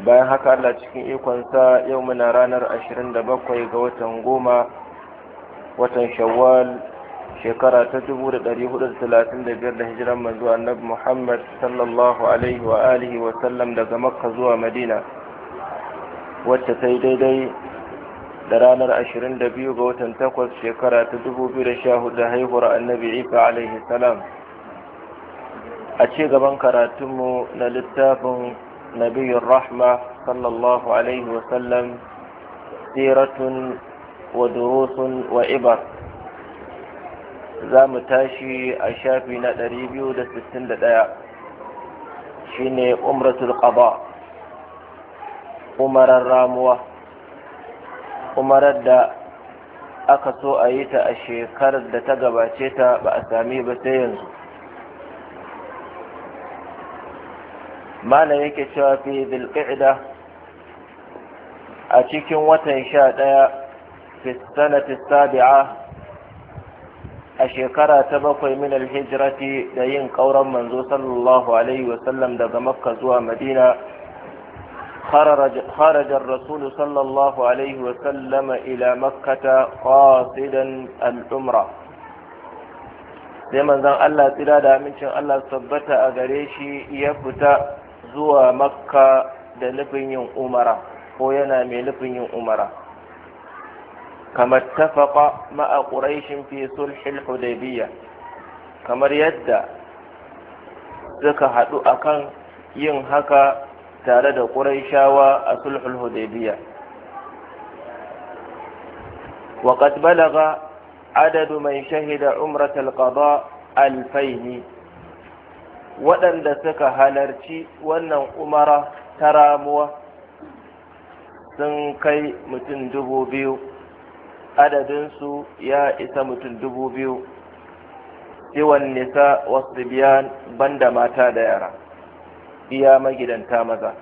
bayan haka Allah cikin ikonsa yau muna ranar 27 ga watan goma watan shawwal shekara ta 1435 da hijiran manzo annabi Muhammad sallallahu alaihi wa alihi wa sallam daga makka zuwa madina wacce ta daidai da ranar 22 ga watan 8 shekara ta 2014 da haihuwar annabi isa alaihi salam a ce gaban karatunmu na littafin نبي الرحمة صلى الله عليه وسلم سيرة ودروس وإبر za mu tashi a shafi na 261 shine umratul qada umarar ramuwa umarar da aka so a yi ta a shekarar da ta gabace ta ba a sami ba sai yanzu malam yake cewa fi zulqa'da a cikin watan sha ɗaya fi sanati sabi'a a shekara ta bakwai min alhijrati da yin ƙauran manzo sallallahu alaihi wasallam daga makka zuwa madina خرج الرسول صلى الله عليه وسلم إلى مكة قاصدا العمرة sai manzon Allah tsira da amincin Allah tabbata a gare shi ya fita zuwa makka da nufin yin umara ko yana mai nufin yin umara kamar tafaka ma'a ƙuraishin fi sulhul hudaybiyya kamar yadda suka haɗu akan yin haka tare da ƙuraishawa a sulhul hudaybiyya balaga, adadu man shahida shahida عمرة القضاء ألفين waɗanda suka halarci wannan umara ta ramuwa sun kai mutum dubu biyu adadinsu ya isa mutum dubu biyu ciwon nisa wasu biyan banda mata da yara iya magidanta maza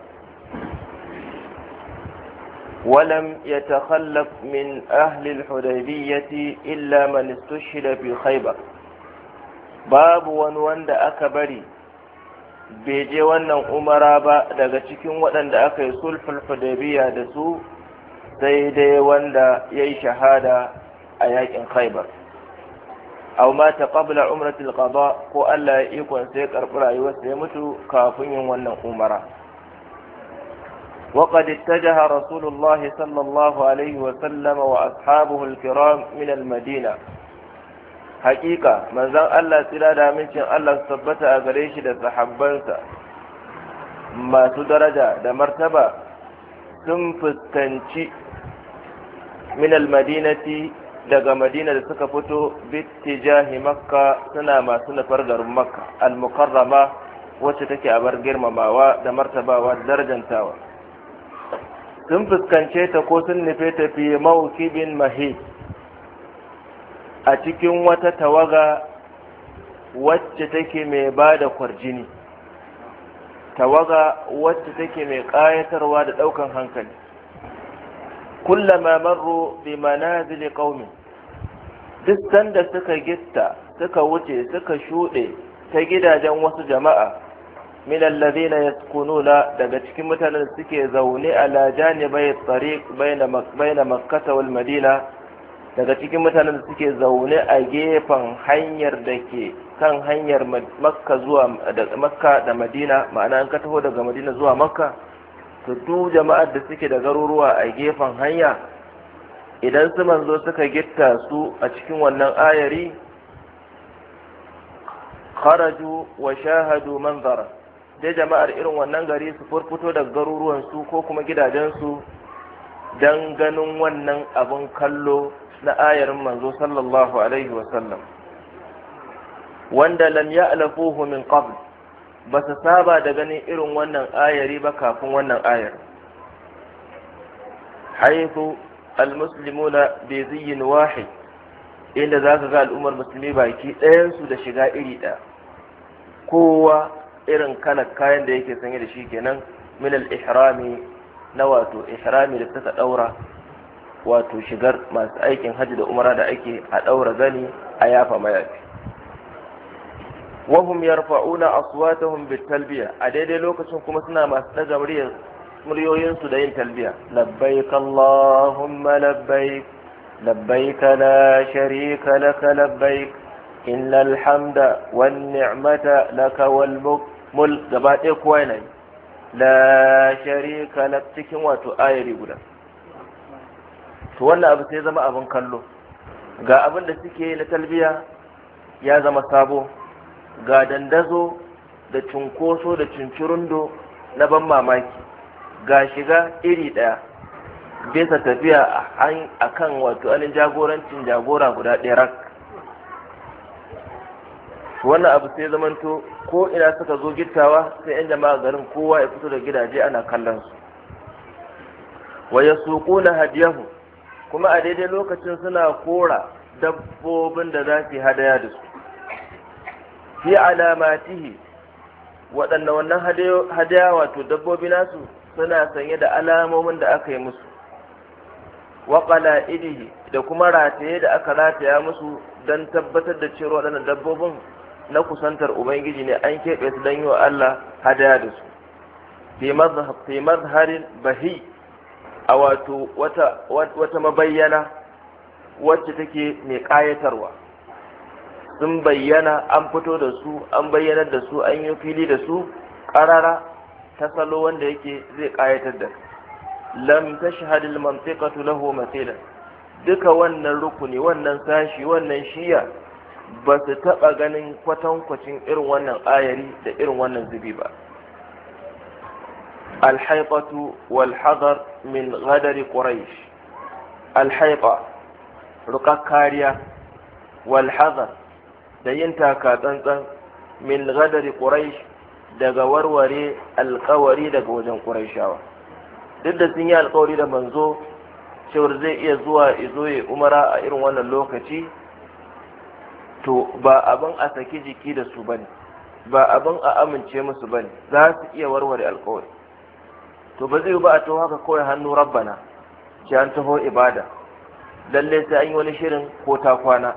ولم يتخلف من أهل الحديبية إلا من استشهد في خيبر babu wani wanda aka bari bai je wannan umara ba daga cikin waɗanda aka yi sulhul da su sai dai wanda ya yi shahada a yakin khaibar aw mata qabla umratil qada ko Allah ya ikon sai karɓi rayuwarsa ya mutu kafin yin wannan umara وقد اتجه رسول الله صلى wa عليه وسلم وأصحابه الكرام من Madina. hakika manzon Allah tsira da amincin Allah su tabbata a gare shi da sahabbansa masu daraja da martaba sun fuskanci minal madinati daga madina da suka fito jahi makka suna masu nufar garin makka al-mukarrama wacce take a bar girmamawa da martabawa da darajantawa sun fuskance ta ko sun nufe fi mawukibin mahid a cikin wata tawaga wacce take mai ba da kwarjini tawaga wacce take mai ƙayatarwa da ɗaukan hankali kullama marro bi manazili qaumi duk sanda suka gitta suka wuce suka shuɗe ta gidajen wasu jama'a min allazina yaskununa daga cikin mutanen suke zaune a lajani bai tsari bai na wal madina daga cikin mutanen da suke zaune a gefen hanyar da ke kan hanyar makka zuwa da makka da madina ma'ana an ka taho daga madina zuwa makka to du jama'ar da suke da garuruwa a gefen hanya idan su manzo suka gitta su a cikin wannan ayari kharaju wa shahadu manzara dai jama'ar irin wannan gari su furfuto daga garuruwansu ko kuma gidajensu Dan ganin wannan abin kallo na ayar manzo sallallahu alaihi wasallam wanda lam ya'lafuhu min qabl ba su saba da ganin irin wannan ayari ba kafin wannan ayar haithu almuslimuna bi ziyyin wahid inda za ga al'ummar musulmi baki ɗayansu da shiga iri ɗaya kowa irin kalar kayan da yake sanye da shi kenan min al-ihrami na wato ihrami da suka daura wato shigar masu aikin hajji da umara da ake a daura zani a yafa mayafi wahum yarfa'una aswatahum bitalbiya a daidai lokacin kuma suna masu daga muryoyinsu da yin talbiya labbaik allahumma labbaik labbaik la sharika laka labbaik innal hamda wan ni'mata laka wal mulk gaba ɗaya kowa yana yi la sharika la cikin wato ayari guda to wannan abu sai zama abin kallo ga abin da suke na talbiya ya zama sabo ga dandazo da cunkoso da cincirundo na ban mamaki ga shiga iri ɗaya bisa tafiya a kan wato alin jagorancin jagora guda ɗaya rak wannan abu sai zamanto ko ina suka zo gittawa sai yan jama'a garin kowa ya fito da gidaje ana kallon su wa yasuquna hadiyahu kuma a daidai lokacin suna kora dabbobin da za su hadaya da su fi alamatihi waɗanda wannan hadaya wato dabbobi nasu suna sanye da alamomin da aka yi musu wa qala'idihi da kuma rataye da aka rataya musu don tabbatar da cewa waɗannan dabbobin na kusantar ubangiji ne an keɓe su don yi wa Allah hadaya da su fi mazharin bahi a wato wata mabayyana wacce take mai ƙayatarwa sun bayyana an fito da su an bayyanar da su an yi fili da su ƙarara ta salo wanda yake zai ƙayatar da lam tashhadil mantiqatu lahu mathilan duka wannan rukuni wannan sashi wannan shiya ba su taɓa ganin kwatankwacin irin wannan ayari da irin wannan zubi ba alhaifatu walhazar min gadari quraish alhaifa ruka kariya walhazar da yin taka tsantsan min gadari quraish daga warware alkawari daga wajen quraishawa duk da sun yi alkawari da manzo cewar zai iya zuwa izo ya umara a irin wannan lokaci to ba abin a saki jiki da su bane ba abin a amince musu bane za su iya warware alkawari to ba zai ba a to haka kawai hannu rabbana ce an taho ibada lalle sai an yi wani shirin ko ta kwana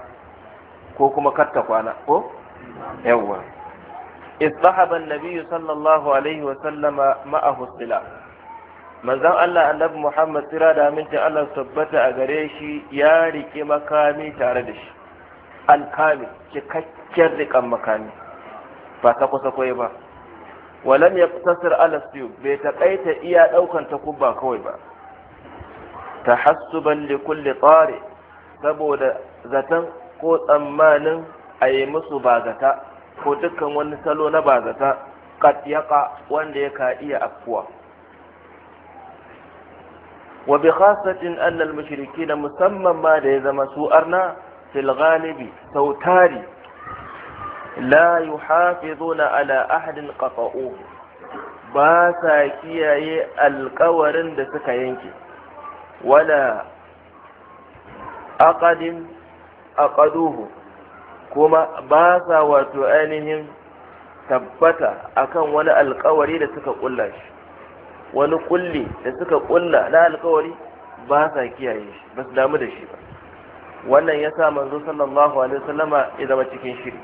ko kuma kar ta kwana ko yawwa istahaba annabiyyu sallallahu alaihi wa sallama ma'ahu sila manzon Allah annabi Muhammad sira da aminci Allah tabbata a gare shi ya rike makami tare da shi alkami cikakken rikan makami ba ta kusa kwaye ba walam ya tasir alasiyu bai taƙaita iya ɗaukan takubba kawai ba ta hassuban likulli tsari saboda zaton ko tsammanin a yi musu bazata ko dukkan wani salo na bazata kat yaƙa wanda ya ka iya afkuwa wa bi khasatin annal mushrikina musamman ma da ya zama su arna fil ghalibi sautari la yuhafizuna ala ahadin qata'u ba sa kiyaye alkawarin da suka yanke wala aqadin aqaduhu kuma ba sa wato ainihin tabbata a kan wani alkawari da suka kulla wani kulli da suka kulla na alkawari ba sa kiyaye shi ba su damu da shi ba wannan ya sa manzo sallallahu alaihi wasallama ya zama cikin shiri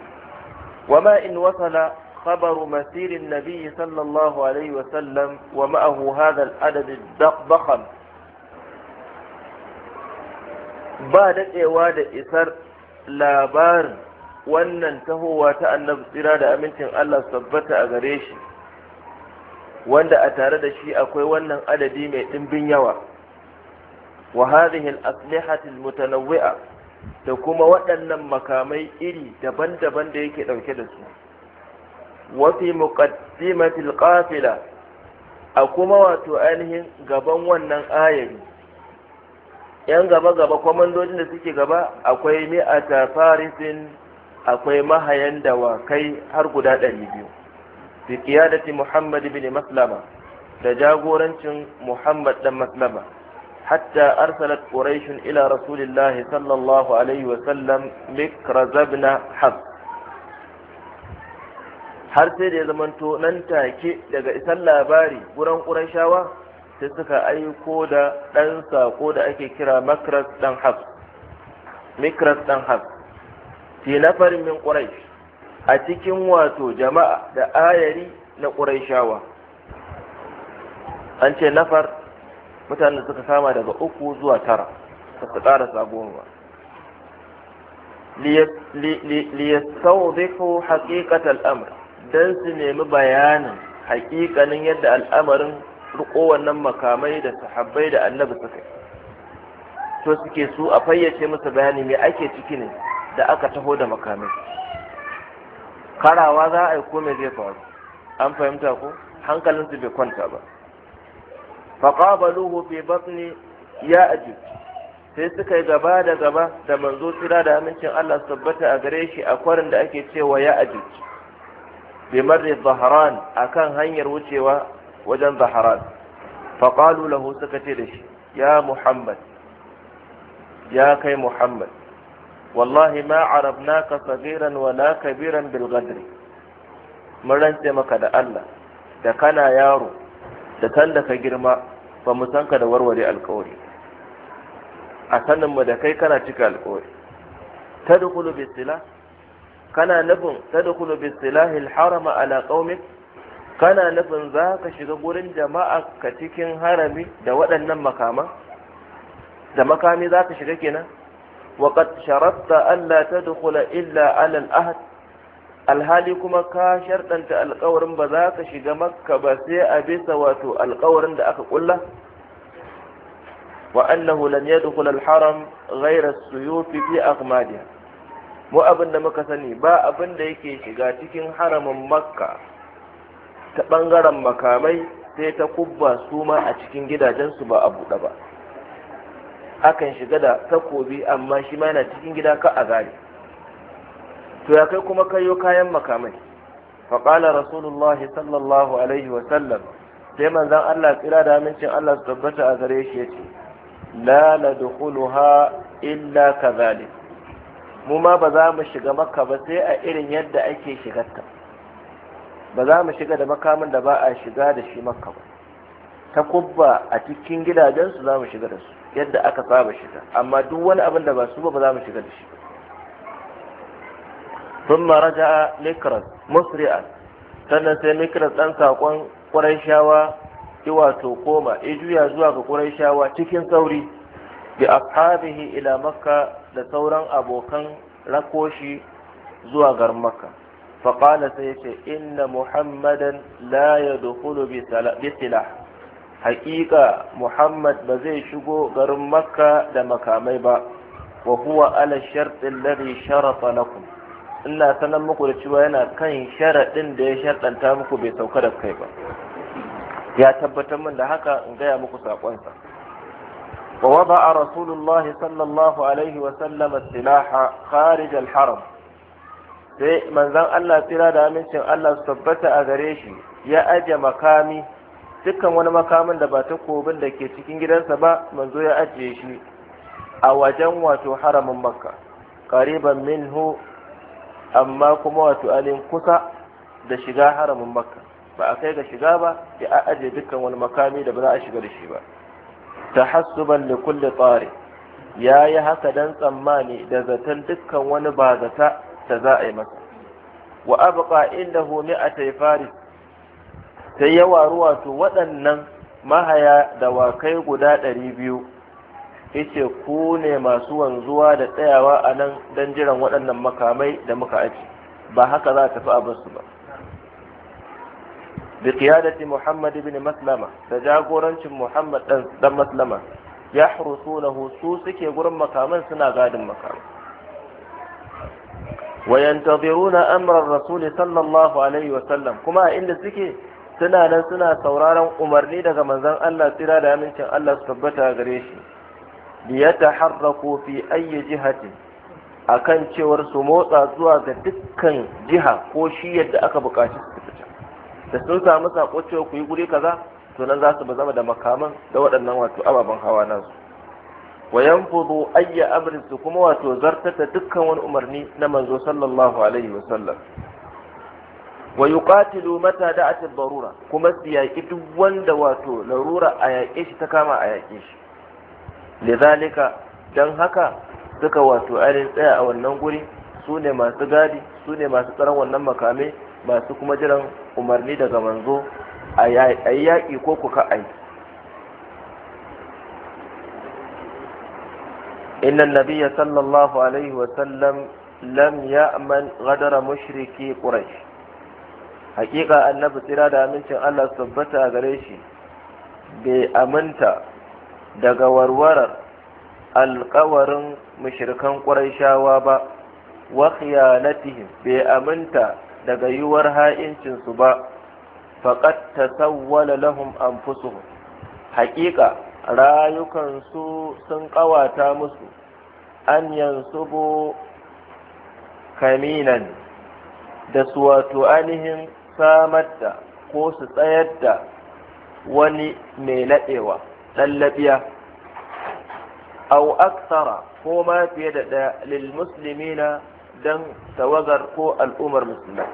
wama in wasala خبر مسير النبي صلى wa عليه وسلم ومعه هذا العدد الضخم ba daɗewa da isar labarin wannan tahowa ta annabi tsira da amincin Allah sabbata a gare shi wanda a tare da shi akwai wannan adadi mai ɗimbin yawa wa hadhihi al-aslihati al-mutanawwi'a da kuma waɗannan makamai iri daban-daban da yake ɗauke da su wa fi muqaddimati al-qafila a kuma wato ainihin gaban wannan ayari yan gaba-gaba kwamandojin da suke gaba akwai mi'ata farisin akwai mahayan dawakai har guda ɗari biyu bi qiyadati muhammad bin maslama da jagorancin muhammad dan maslama حتى أرسلت قريش إلى رسول الله صلى الله عليه وسلم مكرز بن حفص har sai da ya zamanto nan take daga isan labari wurin ƙurashawa sai suka aiko da ɗan sako da ake kira makras ɗan haf makras ɗan haf na farin min ƙurash a cikin wato jama'a da ayari na ƙurashawa an ce nafar mutanen da suka kama daga uku zuwa tara ba su ƙarasa goma ba liyastawdhihu haqiqatal al’amur don su nemi bayanin haƙiƙanin yadda al'amarin riko wannan makamai da sahabbai da annabi suka to suke su a fayyace musu bayani me ake ciki ne da aka taho da makamai karawa za a yi kome zai faru an fahimta ko hankalinsu bai kwanta ba faqabaluhu fi batni ya'juj sai suka yi gaba da gaba da manzo da amincin Allah tabbata a gare shi a kwarin da ake cewa ya'juj bi marri zahran akan hanyar wucewa wajen zahran faqalu lahu suka ce da shi ya muhammad ya kai muhammad wallahi ma ka sagiran wala kabiran bilgadri ghadri mun rantse maka da Allah da kana yaro da san da ka girma ba mu san ka da warware alkawari a saninmu da kai kana cika alkawari tadkhulu bisilah kana nufin tadkhulu bisilahil harama ala qaumik kana nufin za ka shiga gurin jama'a ka cikin harami da waɗannan makama da makami za ka shiga kenan وقد شرطت ta dukula illa على ahad. alhali kuma ka sharɗanta alkawarin ba za ka shiga makka ba sai a bisa wato alkawarin da aka kulla wa annahu lan yadkhul al-haram ghayra as-suyuf fi aqmadiha mu abin da muka sani ba abin da yake shiga cikin haramin makka ta bangaren makamai sai ta kubba su ma a cikin gidajensu ba a buɗe ba akan shiga da takobi amma shi ma yana cikin gida ka a gari to ya kai kuma kayo kayan makamai faƙala rasulullahi sallallahu alaihi wasallam sai manzan allah tsira da amincin allah su tabbata a gare shi ya ce la la illa kadhalik mu ma ba za mu shiga makka ba sai a irin yadda ake shigarta ba za mu shiga da makamin da ba a shiga da shi makka ba ta kubba a cikin gidajensu za mu shiga da su yadda aka saba shiga amma duk wani abin da ba su ba ba za mu shiga da shi ba ثم رجع مكرز مسرعا sannan sai mikras ɗan saƙon ƙurayshawa ki wato koma ijuya zuwa ga shawa. cikin sauri bi ashabihi ila makka da sauran abokan rakoshi zuwa garin makka faƙala sai ya ce inna muhammadan la ya dukulu bi haƙiƙa muhammad ba zai shigo garin makka da makamai ba wa huwa ala sharɗin lari sharafa lakum ina sanar muku da cewa yana kan sharaɗin da ya sharɗanta muku bai sauka da kai ba ya tabbatar min da haka in gaya muku saƙonsa wa a rasulullah sallallahu alaihi wa sallam silaha kharij al-haram sai manzon Allah tsira da amincin Allah su tabbata a gare shi ya aje makami dukkan wani makamin da ba takobin da ke cikin gidansa ba manzo ya ajiye shi a wajen wato haramin makka qariban minhu amma kuma wato alin kusa da shiga haramin makka ba a kai ga shiga ba ya aje dukkan wani makami da ba za a shiga da shi ba tahassuban li kulli tsari ya yi haka dan tsammani da zaton dukkan wani ba zata da za a yi masa wa abqa indahu mi'atay faris sai ya waru wato waɗannan mahaya da wakai guda ɗari biyu yace ku ne masu wanzuwa da tsayawa a nan don jiran waɗannan makamai da muka aji ba haka za fi a basu ba bi qiyadati muhammad ibn maslama da jagorancin muhammad dan dan maslama yahrusunahu su suke gurin makaman suna gadin makaman wa yantaziruna amran rasul sallallahu alaihi wa sallam kuma inda suke suna nan suna sauraron umarni daga manzon Allah tsira da amincin Allah su tabbata gare shi liyataharraku fi ayyi jihatin akan cewar su motsa zuwa ga dukkan jiha ko shi yadda aka buƙaci su fita da sun samu sako cewa ku yi guri kaza to nan za su ba zama da makaman da waɗannan wato ababen hawa na su. wa yanfudu ayya amrin su kuma wato zartata dukkan wani umarni na manzo sallallahu alaihi wa sallam wa yuqatilu mata da'at ad-darura kuma su yaki duk wanda wato larura a yaƙe shi ta kama a yaƙe shi lizalika don haka suka wato ainihin tsaya a wannan guri su ne masu gadi su ne masu tsaron wannan makame masu kuma jiran umarni daga manzo a yi yaƙi ko kuka ai inna nabi ya sallallahu alaihi wasallam lam ya aman gadara mashiriki ƙurashi annabi tsira da amincin allah tabbata a gare shi bai aminta daga warwarar alkawarin mushrikan shawa ba wa khiyanatihim bai aminta daga yiwuwar ha'incinsu ba faqad tasawwala lahum anfusuhum haƙiƙa rayukansu sun ƙawata musu an bo kaminan da su wato ainihin samar ko su tsayar da wani mai laɗewa lallabiya aw aktara ko ma fiye da ɗaya lil na dan tawagar ko al'ummar musulmai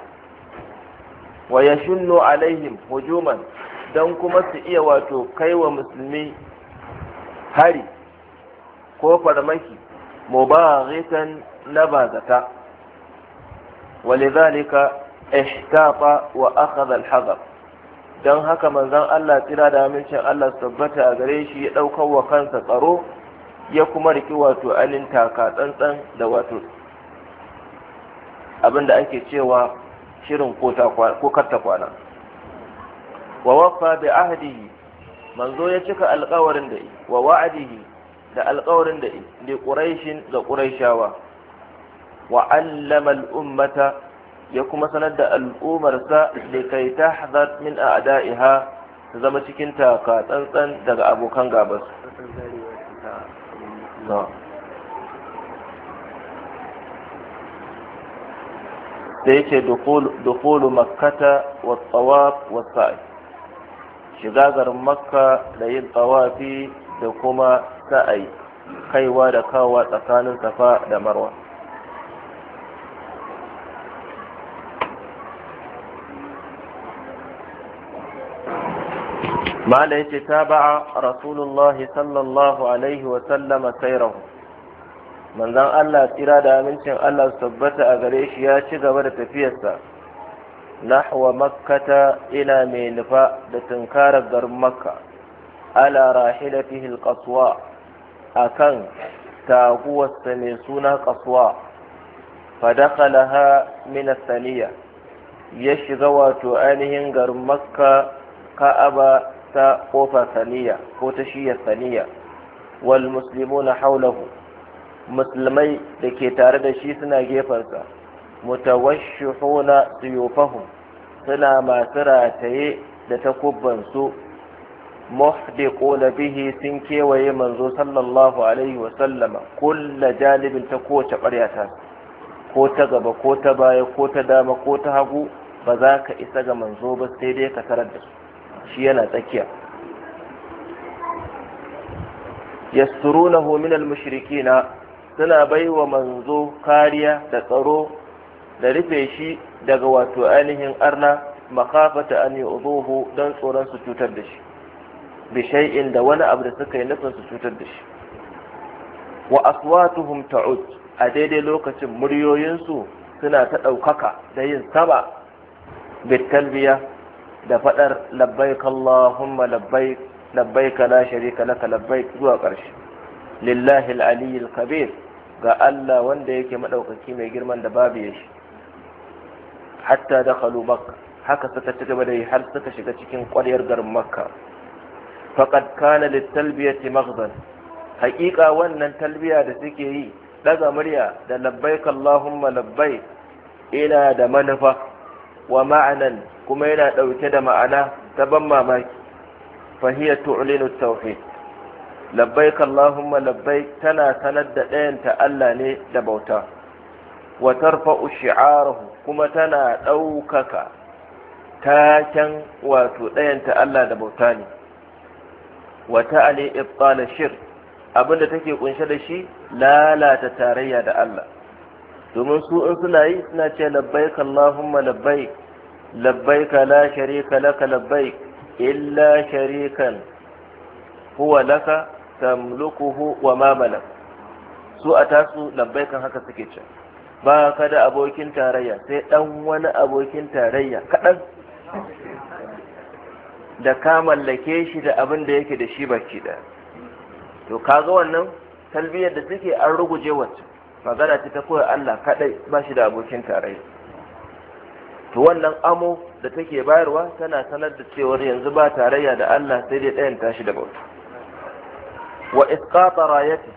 wa yashunnu alaihim hujuman dan kuma su iya wato kaiwa musulmi hari ko farmaki mubaghitan na bazata ولذلك احتاط وأخذ الحذر don haka manzon Allah tsira da amincin Allah tabbata a gare shi ya ɗaukar wa kansa tsaro ya kuma riki wato alin taka tsantsan da wato abinda ake cewa shirin ko karta kwana wa waffa bi ahdihi manzo ya cika alƙawarin da wa wa'adihi da alƙawarin da li quraishin da quraishawa wa allama al-ummata ya kuma sanar da al'ummarsa da kai ta hazard min a ada'iha ta zama cikin taka tsantsan daga abokan gabas da yake dukulu makkata wa tsawaf wa sa'i shiga garin makka da yin tsawafi da kuma sa'ai kaiwa da kawa tsakanin safa da marwa ما ليت تابع رسول الله صلى الله عليه وسلم سيره من ذا الله ترى دامنشن الله ثبت أغريش يا شغب تفيسا نحو مكة إلى ميلفا لتنكار در مكة على راحلته القصواء أكن تاقوى السميسون قصواء فدخلها من الثانية يشغوات أنهن غر مكة كأبا ta kofa saniya ko ta shiya saniya wal muslimuna haulahu musulmai da ke tare da shi suna gefensa mutawashshihuna suyufahum suna masu rataye da su muhdiquna bihi sun kewaye manzo sallallahu alaihi wa sallama kulla janibin ta kowace ƙarya ta ko ta gaba ko ta baya ko ta dama ko ta hagu ba za ka isa ga manzo ba sai dai ka tarar da su shi yana tsakiya yasturunahu min al-mushrikina suna baiwa manzo kariya da tsaro da rufe shi daga wato ainihin arna makafata an yu'dhuhu dan tsoron su cutar da shi bi shay'in da wani abu da suka yi nufin su cutar da shi wa aswatuhum ta'ud a daidai lokacin muryoyinsu suna ta ɗaukaka da yin saba bitalbiya da faɗar labbaik Allahumma labbaik labbaik la sharika laka labbaik zuwa ƙarshe lillahi al al kabir ga Allah wanda yake madaukaki mai girman da babu ya hatta dakhalu makka haka suka ci gaba da yi har suka shiga cikin ƙwaryar garin makka faqad kana litalbiyati maghdan haƙiƙa wannan talbiya da suke yi daga murya da labbaik Allahumma labbaik ina da manufa wa ma'anan kuma yana ɗauke da ma'ana ta ban mamaki fahiya tu'linu tauhid labbaik allahumma labbaik tana sanar da ɗayanta Allah ne da bauta wa tarfa'u shi'arahu kuma tana ɗaukaka taken wato ɗayanta Allah da bauta ne wa ta'ali ibtal shirk abinda take kunshe da shi lalata tarayya da Allah domin su in suna yi suna ce labbaik Allahumma labbaik labbai la sharika laka labbaik illa sharikan huwa laka tamlukuhu wa ma malak su a tasu labbaikan haka suke ce ba ka da abokin tarayya sai dan wani abokin tarayya kaɗan da ka mallake shi da abin da yake da shi baki ɗaya to kaga wannan talbiyar da suke an ruguje wacce magana ce ta koya Allah kaɗai ba shi da abokin tarayya to wannan amo da take bayarwa tana sanar da cewar yanzu ba tarayya da Allah sai dai ɗayan tashi da bauta wa isqata rayati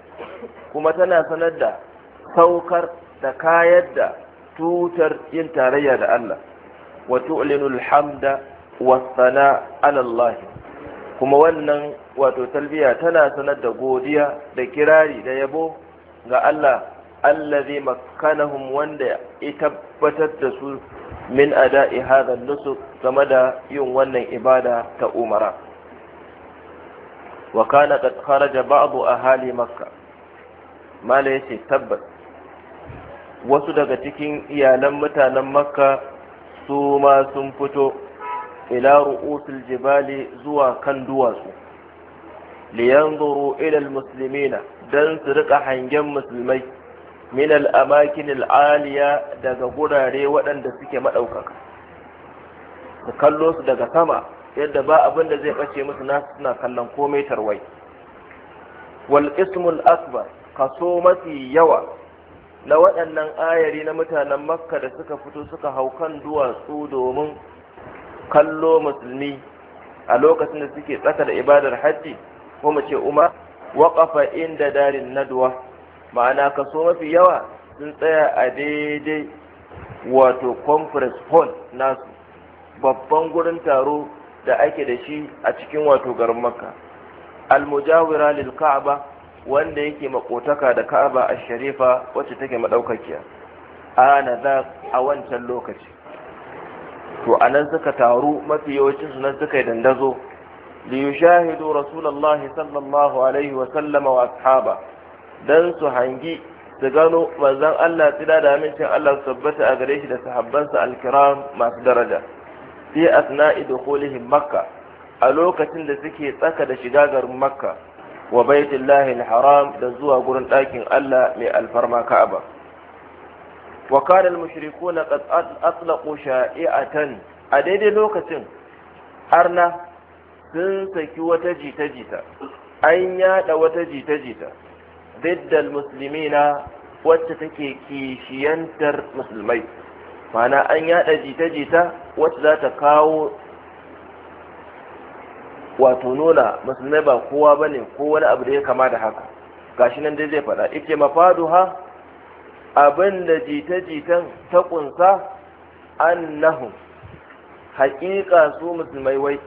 kuma tana sanar da saukar da kayar da tutar yin tarayya da Allah wa tu'linul hamda was sana ala Allah kuma wannan wato talbiya tana sanar da godiya da kirari da yabo ga Allah allazi makkanahum wanda ya tabbatar da su min ada'i hadha nusuk game da yin wannan ibada ta umara wa kana qad kharaja ba'du ahali makka mala yace tabbas wasu daga cikin iyalan mutanen makka su ma sun fito ila ru'usul jibali zuwa kan duwatsu liyanzuru ila almuslimina dan su rika hangen musulmai min al'amakin al'aliya daga gurare waɗanda suke maɗaukaka su kallo su daga sama yadda ba abin da zai ɓace musu nasu suna kallon komai tarwai wal ismul akbar kaso mafi yawa na waɗannan ayari na mutanen makka da suka fito suka hau kan duwatsu domin kallo musulmi a lokacin da suke tsaka da ibadar hajji ko mu ce umar waƙafa inda darin naduwa ma'ana kaso mafi yawa sun tsaya a daidai wato conference hall nasu babban gurin taro da ake da shi a cikin wato garin makka almujawira lil ka'aba wanda yake makotaka da ka'aba a sharifa wacce take madaukakiya ana za a wancan lokaci to anan suka taru mafi yawancin su nan suka yi dandazo liyushahidu rasulullahi sallallahu alaihi wa sallama wa ashaba dan su hangi su gano manzon Allah tsira da amincin Allah su tabbata a gare shi da sahabbansa alkiram masu daraja fi asna'i dukhulihim makka a lokacin da suke tsaka da shiga garin makka wa baitullahi alharam da zuwa gurin ɗakin Allah mai alfarma ka'aba wa kana almushrikuna qad atlaqu sha'i'atan a daidai lokacin arna sun saki wata jita-jita an yada wata jita-jita biddal muslimina wacce take kishiyantar musulmai mana an yada jita-jita wacce za ta kawo wato nuna musulmai ba kowa ba ne ko wani abu da ya kama da haka gashi nan dai zai faɗa ita mafadu ha abin da jita-jitan ta ƙunsa annahum haƙiƙa su musulmai wai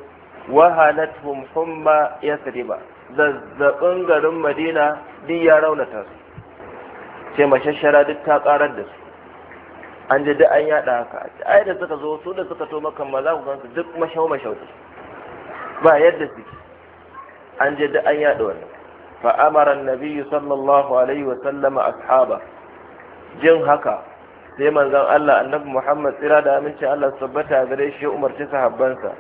wahalatuhum humma yasriba zazzabin garin madina duk ya raunata su ce mashashara duk ta karar da su an ji an yada haka ai da suka zo su da suka to makan ma za ku gansu duk mashau mashau ba yadda suke an ji an yada wannan fa'amaran amara annabi sallallahu alaihi wa sallama ashaba jin haka sai manzon Allah annabi Muhammad tsira da aminci Allah tabbata gare shi umarci sahabbansa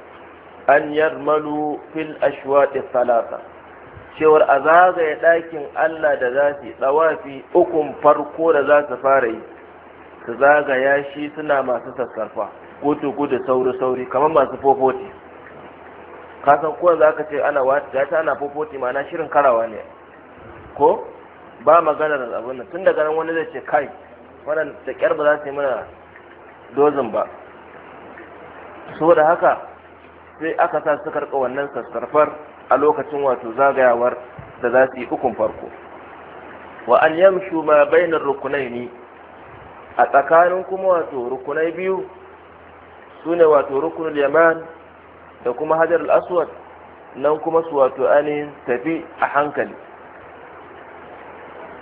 an yarmalu fil ashwaqi salata cewar a zagaye ɗakin Allah da za su tsawafi ukun farko da za su fara yi su zagaya shi suna masu sassarfa gudu gudu sauri sauri kamar masu fofoti kasan kowa za ka ce ana wata ta ana fofoti na shirin karawa ne ko ba maganar abin nan tun daga nan wani zai ce kai wannan da kyar ba za su yi mana dozin ba saboda haka sai aka sa su karɓa wannan sassarfar a lokacin wato zagayawar da za su yi ukun farko wa an yamshu ma bainar rukunai ne a tsakanin kuma wato rukunai biyu sune ne wato rukunul yaman da kuma hajar al-aswad nan kuma su wato ainihin tafi a hankali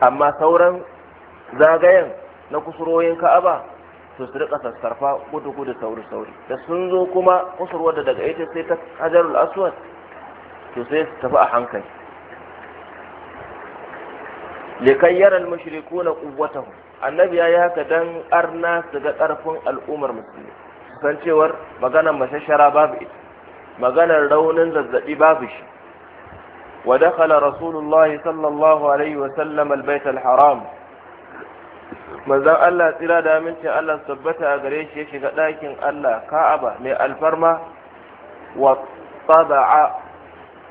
amma sauran zagayen na kusurorin ka'aba to su rika sassarfa gudu gudu sauri sauri da sun zo kuma kusurwar da daga ita sai ta hajarul aswad to sai su tafi a hankali likayyar al-mushriku na kuwatahu annabi ya yi haka dan arna su ga ƙarfin al'ummar musulmi san cewar maganar mashashara babu ita maganar raunin zazzabi babu shi wa dakhala rasulullahi sallallahu alaihi wa sallam al alharam. manzon Allah tsira da amincin Allah tabbata a gare shi ya shiga ɗakin Allah Ka'aba mai alfarma wa taba'a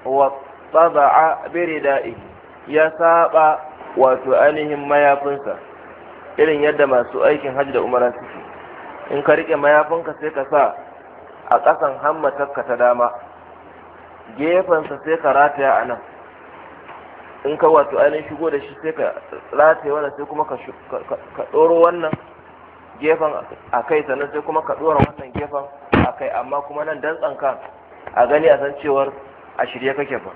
wa taba'a birida'i ya saba wato ainihin mayafinsa irin yadda masu aikin hajji da umara suke in ka rike mayafinka sai ka sa a ƙasan hammatarka ta dama Gefen sa sai ka rataya a nan in ka wato ainihin shigo da shi sai ka rataya wannan sai kuma ka ɗoro wannan gefen a kai sannan sai kuma ka ɗora wannan gefen a kai amma kuma nan dantsanka a gani a san cewar a shirye kake ba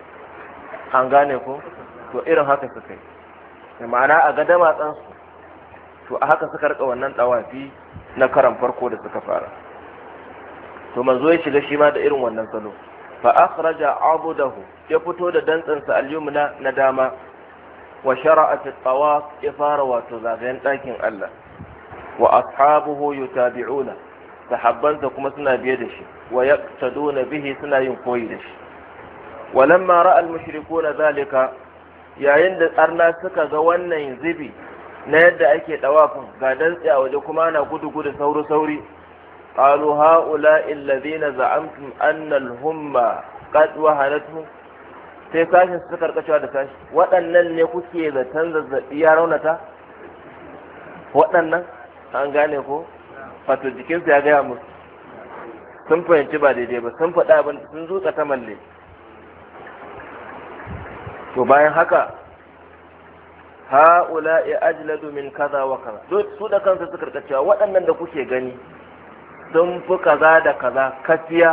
an gane ko to irin haka suka yi da ma'ana a ga damatsansu to a haka suka rika wannan ɗawafi na karan farko da suka fara to manzo ya shiga shi ma da irin wannan salo fa akhraja abudahu ya fito da dantsansa al-yumna na dama wa shara'a at tawaf ya fara wato zagayen dakin Allah wa ashabuhu yutabi'una sahabbansa kuma suna biye da shi wa yaqtaduna bihi suna yin koyi da shi ولما راى المشركون ذلك yayin da tsarna suka ga wannan zibi na yadda ake dawafin ga dantse a waje kuma ana gudu gudu sauri sauri qalu haula alladhina za'amtum anna al-humma qad wahanatuhum sai sashin su karkacewa da sashi waɗannan ne kuke zaton zazzaɓi ya raunata waɗannan an gane ko wato jikinsu ya gaya musu sun fahimci ba daidai ba sun faɗa abin sun zuƙa ta malle to bayan haka ha'ula ya ajladu min kaza wa kaza su da kansa suka karkacewa waɗannan da kuke gani sun fi kaza da kaza kafiya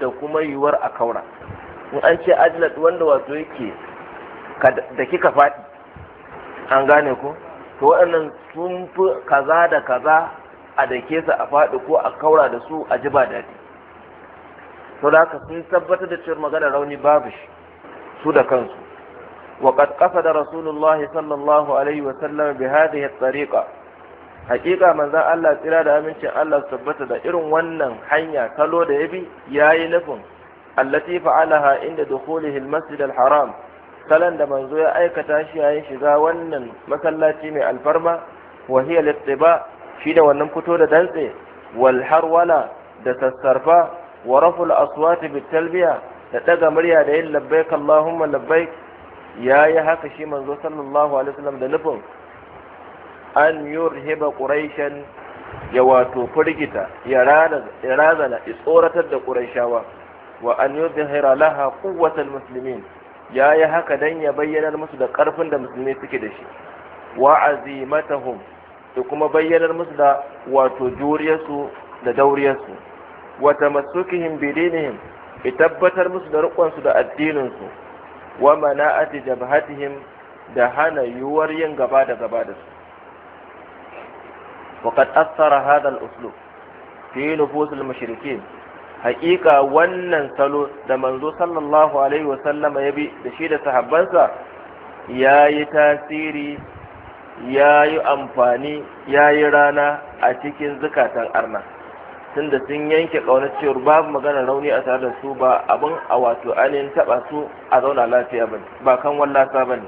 da kuma yiwuwar a kaura in an ce ajlad wanda wato yake da kika faɗi an gane ko to waɗannan sun fi kaza da kaza a da su a faɗi ko a kaura da su a ji ba daɗi to da haka sun tabbatar da cewar magana rauni babu shi su da kansu وقد قصد رسول الله صلى الله عليه وسلم بهذه الطريقة حقيقة من ذا الله ترى من شاء الله ثبت ذا إرن ونن حنيا كلو دا يبي ياي نفن التي فعلها عند دخوله المسجد الحرام kalan da manzo ya aikata shi yayin shiga wannan masallaci mai alfarma wa hiya littiba shi wannan fito da dantse wal harwala da sassarfa wa raful aswati bit talbiya da daga murya da yin labbaik allahumma ya yi haka shi manzo sallallahu alaihi wasallam da nufin an yurhiba quraishan ya wato firgita ya razana ya tsoratar da quraishawa wa an yuzhira laha quwwatal muslimin ya yi haka dan ya bayyana musu da karfin da musulmi suke da shi wa azimatahum da kuma bayyanar musu da wato juriyarsu da dauriyarsu wa tamassukihim bi dinihim tabbatar musu da riƙonsu da addininsu wa mana'ati jabhatihim da hana yuwar yin gaba da gaba da su وقد أثر هذا الأسلوب في نفوس المشركين حقيقة wannan salo da manzo sallallahu alaihi sallama ya bi da shi da sahabbansa ya yi tasiri ya yi amfani ya yi rana a cikin zukatan arna tunda sun yanke ƙaunar cewar babu magana rauni a tare da su ba abin a wato ainihin taɓa su a zauna lafiya ba ba kan wallasa ba ne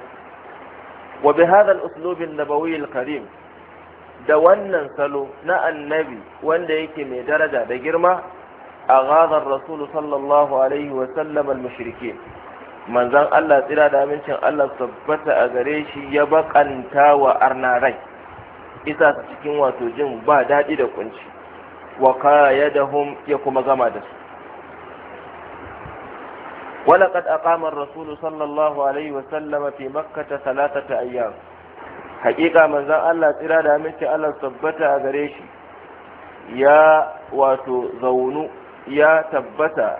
wa bi hadal uslubin nabawi karim da wannan salo na annabi wanda yake mai daraja da girma a ghadar rasulu sallallahu alaihi wa sallam al manzon Allah tsira da amincin Allah tabbata a gare shi ya bakanta wa arna rai isa cikin wato jin ba daɗi da kunci Waƙaya ya dawo ya kuma gama da su. Wani aƙas a ƙamar rasulun sallallahu alaihi wa sallama taimakata talata ta ayyawa. Haƙiƙa man Allah tsira da amince Allah tabbata a gareshi? Ya wato zaunu ya tabbata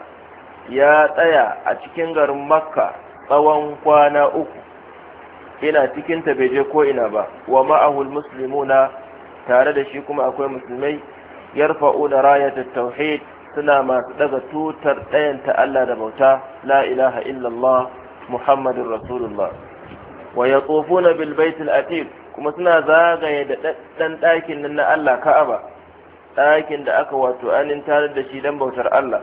ya tsaya a cikin garin Makka tsawon kwana uku. Ina cikinta bai je ko'ina ba. Wa ma'ahul Musulmai tare da shi kuma akwai Musulmai? raya da tauhid suna masu daga tutar ta Allah da bauta la ilaha illallah muhammadin rasulullah wa yatufuna bil baitil atiq kuma suna zagaye da ɗan ɗakin nan na Allah Ka'aba ɗakin da aka wato anin tare da shi dan bautar Allah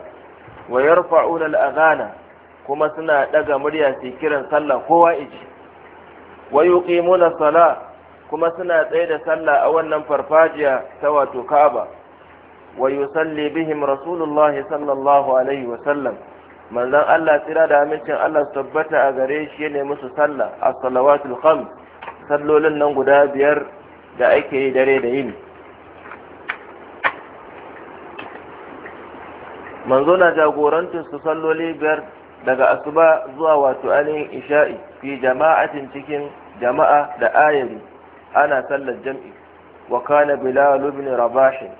wa yarfa'una al-adhana kuma suna daga murya su kiran sallah kowa iji wa yuqimuna sala kuma suna tsaye da sallah a wannan farfajiya ta wato Ka'aba ويصلي بهم رسول الله صلى الله عليه وسلم manzon Allah tsira da amincin Allah su tabbata a gare shi yane musu sallah as-salawatul khams sallolin nan guda biyar da ake yi dare da yini manzo na jagorantar su salloli biyar daga asuba zuwa wato ainihin isha'i fi jama'atin cikin jama'a da ayari ana sallar jam'i wa kana bilal ibn rabashin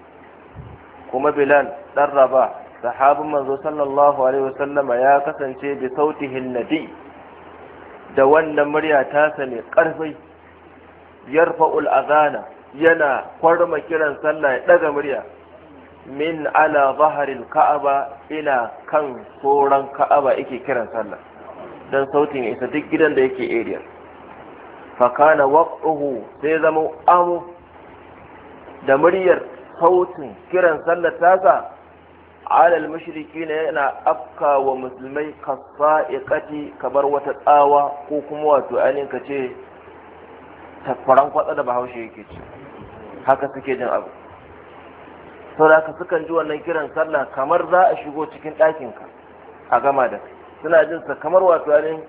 kuma bilal dan raba sahabin manzo sallallahu alaihi wasallam ya kasance bi sautihi nadi da wannan murya ta sani karfi yarfa'ul azana yana kwarma kiran sallah ya daga murya min ala zaharil ka'aba ila kan tsoron ka'aba yake kiran sallah dan sautin isa duk gidan da yake area fa kana waqtuhu sai zama amu da muryar sautin kiran sallar tasa alal mushriki ne yana afka wa musulmai kasa'iqati kamar wata tsawa ko kuma wato ainihin ka ce tafaran kwatsa da bahaushe yake ci haka suke jin abu da haka sukan ji wannan kiran sallah kamar za a shigo cikin ɗakinka a gama da suna jin sa kamar wato ainihin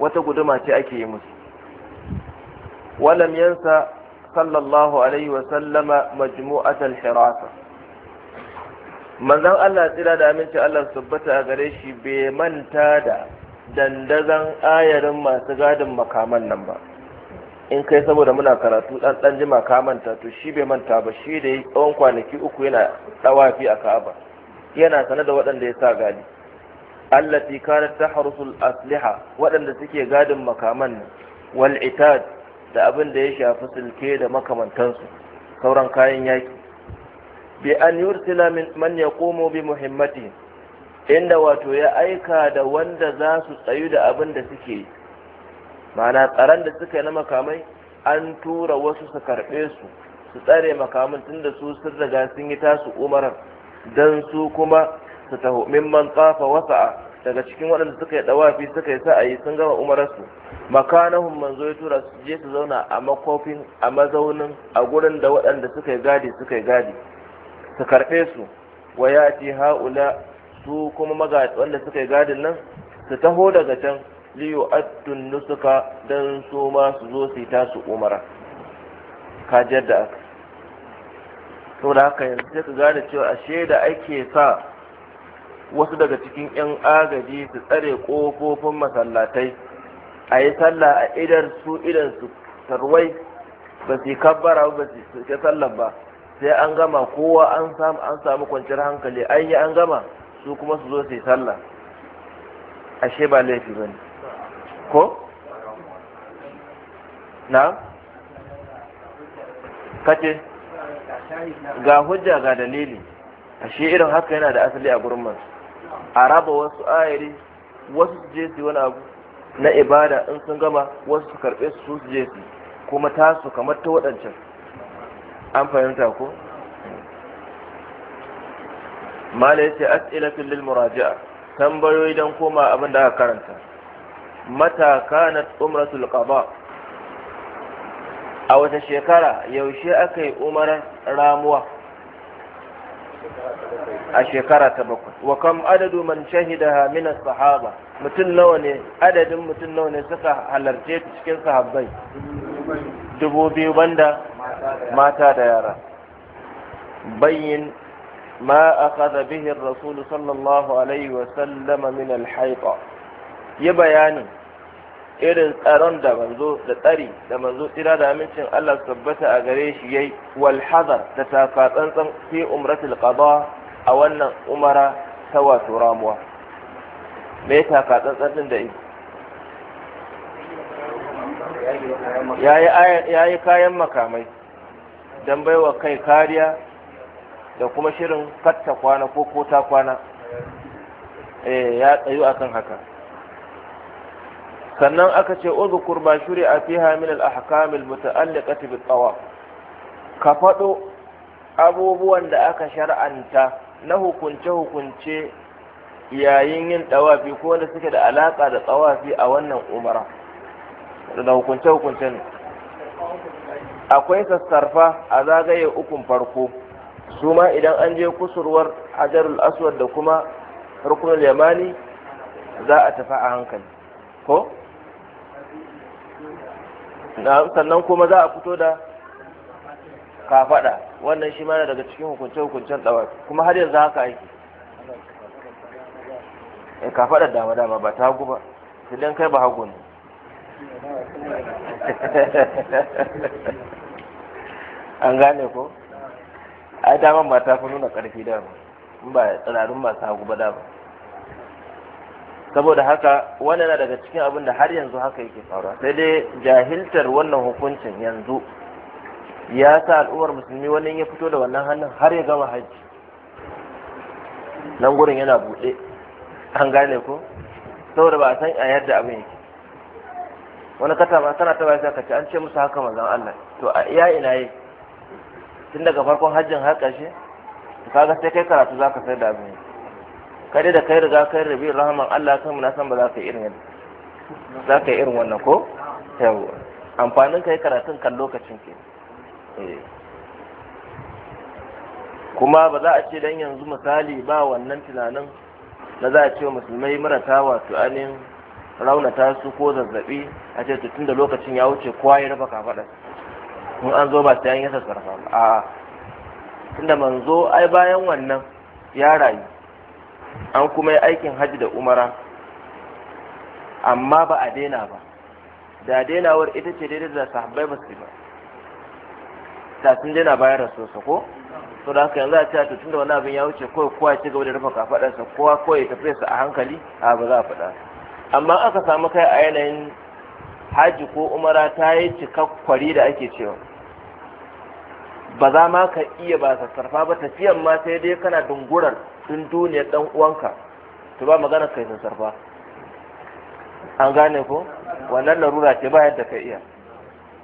wata guduma ce ake yi musu walam yansa sallallahu alaihi wasallama majmu'atul hirasa manzon Allah tsira da aminci Allah tabbata a gare shi bai manta da dandazan ayarin masu gadin makaman nan ba in kai saboda muna karatu dan dan jima ka manta to shi bai manta ba shi da yi tsawon kwanaki uku yana tsawafi a Ka'aba yana sanar da waɗanda ya sa gadi allati kanat tahrusul asliha waɗanda suke gadin makaman nan wal itad da abin da ya shafi sulke da makamantansu sauran kayan yaki bi an yursila man yaqumu bi muhimmati inda wato ya aika da wanda za su tsayu da abin da suke yi ma'ana tsaron da suka yi na makamai an tura wasu su karɓe su su tsare makamin tunda su sun riga sun yi tasu umarar dan su kuma su taho mimman tsafa wasa'a daga cikin waɗanda suka yi ɗawafi suka yi sa'ayi sun gama umararsu Makanahun manzo ya tura su je su zauna a makofin a mazaunin a gurin da waɗanda suka yi gadi suka yi gadi su karɓe su wa ya ce ha'ula su kuma maga wanda suka yi gadin nan su taho daga can liyo addun nusuka don su ma su zo su yi tasu umara kajiyar da aka saboda haka yanzu sai ka gane cewa ashe da ake sa wasu daga cikin 'yan agaji su tsare ƙofofin masallatai a yi sallah a idan su idan su tarwai ba su kabbara ba su ke sallah ba sai an gama kowa an samu an samu kwanciyar hankali an yi an gama su kuma su zo su yi sallah ashe ba laifi ba ne ko na kace ga hujja ga dalili ashe irin haka yana da asali a gurin masu a raba wasu ayari wasu su je su wani abu na ibada in sun gama wasu su karɓe su su je su kuma tasu kamar ta waɗancan an fahimta ko mala yace as'ilatul lil muraji'a tambayoyi dan koma abin da aka karanta mata kanat umratul qada a wata shekara yaushe aka yi umar ramuwa a shekara ta bakwai wa kam adadu man shahidaha min sahaba mutum nawa ne adadin mutum nawa ne suka halarce ta cikin sahabbai dubu biyu banda mata da yara bayyin ma akhadha bihi ar-rasul sallallahu alaihi wa sallama min al-hayta ya bayanin irin tsaron da manzo da tsari da manzo tsira da amincin Allah tabbata a gare shi yayi wal hazar da taka tsantsan fi umratul qada a wannan umara ta wato ramuwa me taka tsantsan din da yi yayi kayan makamai dan baiwa kai kariya da kuma shirin katta kwana ko ko ta kwana eh ya tsayu akan haka sannan aka ce kurma ma a fi min al-ahkam al-muta'alliqati bi tawaf ka faɗo abubuwan da aka shar'anta na hukunce hukunce yayin yin ɗawafi ko wanda suke da alaƙa da tsawafi a wannan umara da hukunce hukunce ne akwai sassarfa a zagaye ukun farko su ma idan an je kusurwar hajarul aswad da kuma rukunul yamani za a tafi a hankali ko sannan kuma za a fito da kafada wannan shi mana daga cikin hukunce-hukuncen tsawar kuma har yanzu haka aiki ya eh, kafada dama-dama ba ta hagu ba idan kai ba hagu ne an gane ko ai daman ba ta fi nuna ƙarfi dama ba tsirarun masu hagu ba dama saboda haka wannan na daga cikin abin da har yanzu haka yake faruwa sai dai jahiltar wannan hukuncin yanzu ya sa al'ummar musulmi wani ya fito da wannan hannun har ya gama hajji nan gurin yana buɗe an gane ko saboda ba a san a yadda abin yake wani kata ma tana ta bayan ka ce an ce musu haka manzon Allah to a iya ina yi tun daga farkon hajjin har ƙarshe kaga sai kai karatu zaka sai da abin yake kai da kai riga kai rabi rahman Allah kan mu na san ba za ka irin yadda za ka irin wannan ko yau amfanin kai karatun kan lokacin ke eh. kuma ba za a ce dan yanzu misali ba wannan tunanin na za a ce musulmai marata wato anin raunata su ko zazzabi a ce tun da lokacin ya wuce kowa ya rufa kafaɗa in an zo ba sai an yi sarfa ba a tunda manzo ai bayan wannan ya rayu an kuma yi aikin hajji da umara amma ba a daina ba da dainawar ita ce daidai da sahabbai ba su ba da sun daina bayan rasuwarsa ko to da haka yanzu a cewa tun da wani abin ya wuce kawai kowa ci gaba da rufe kafaɗarsa kowa kawai ya tafiya a hankali a ba za a faɗa amma aka samu kai a yanayin hajji ko umara ta yi cikakkwari da ake cewa ba za ma ka iya ba sassarfa ba tafiyan ma sai dai kana dungurar tun duniyar dan uwanka to ba magana kai sarfa. an gane ko wannan larura ce ba yadda ka iya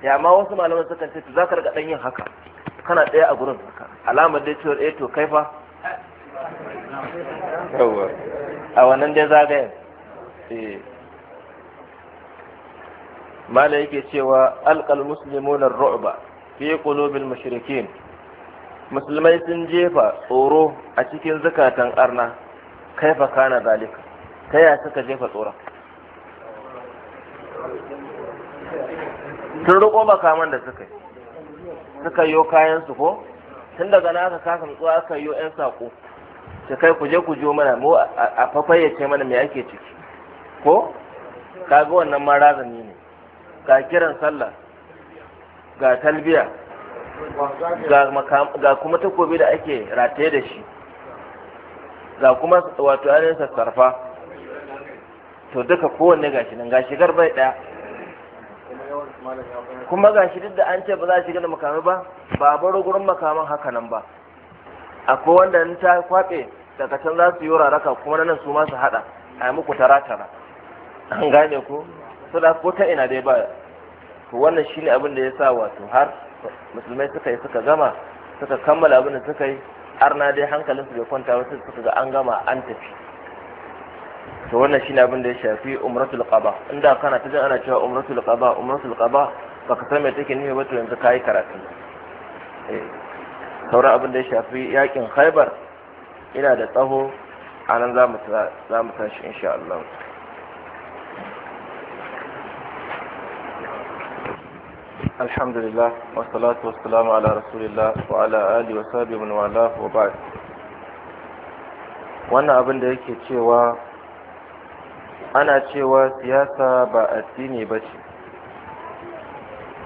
ya ma wasu malaman sukan ce za ka riga dan yin haka kana tsaya a gurin haka alamar dai cewa eh to kai fa a wannan dai zagayen eh mala yake cewa alqal muslimun ar-ru'ba fi qulubil mushrikin musulmai sun jefa tsoro a cikin zakatan arna kaifa kana zalika ta ya suka jefa tsoron sun riko makaman da suka yi suka yo kayan su ko tun daga na aka kasa tsuwa aka yi yan sako ta kai kuje ku jo mana mu a ya ce mana me ake ciki ko kaga wannan marazani ne ka kiran sallah ga talbiya ga kuma takobi da ake rataye da shi ga kuma wato ainihin sassarfa to duka kowanne ga shi nan ga shigar bai daya kuma shi duk da an ce ba za a shiga da makamai ba ba a baro gurin makaman haka nan ba akwai wanda in ta kwaɓe daga can za su yi raka kuma nan su ma su haɗa a yi muku tara tara an gane ku su da ko ta ina dai ba to wannan shine abin da ya sa wato har musulmai suka yi suka gama suka kammala abin da suka yi arna dai hankalin su bai kwanta ba suka ga an gama an tafi to wannan shine abin da ya shafi umratul qaba inda kana ta jin ana cewa umratul qaba umratul qaba baka san me take nufi ba to yanzu kai karatu eh, sauran abin da ya shafi yakin khaybar ina da tsaho anan za mu tashi insha Allah الحمد لله والصلاة والسلام على رسول الله وعلى آله وصحبه من والاه وبعد وانا أبن ديكي yake cewa ana سياسة siyasa بشي addini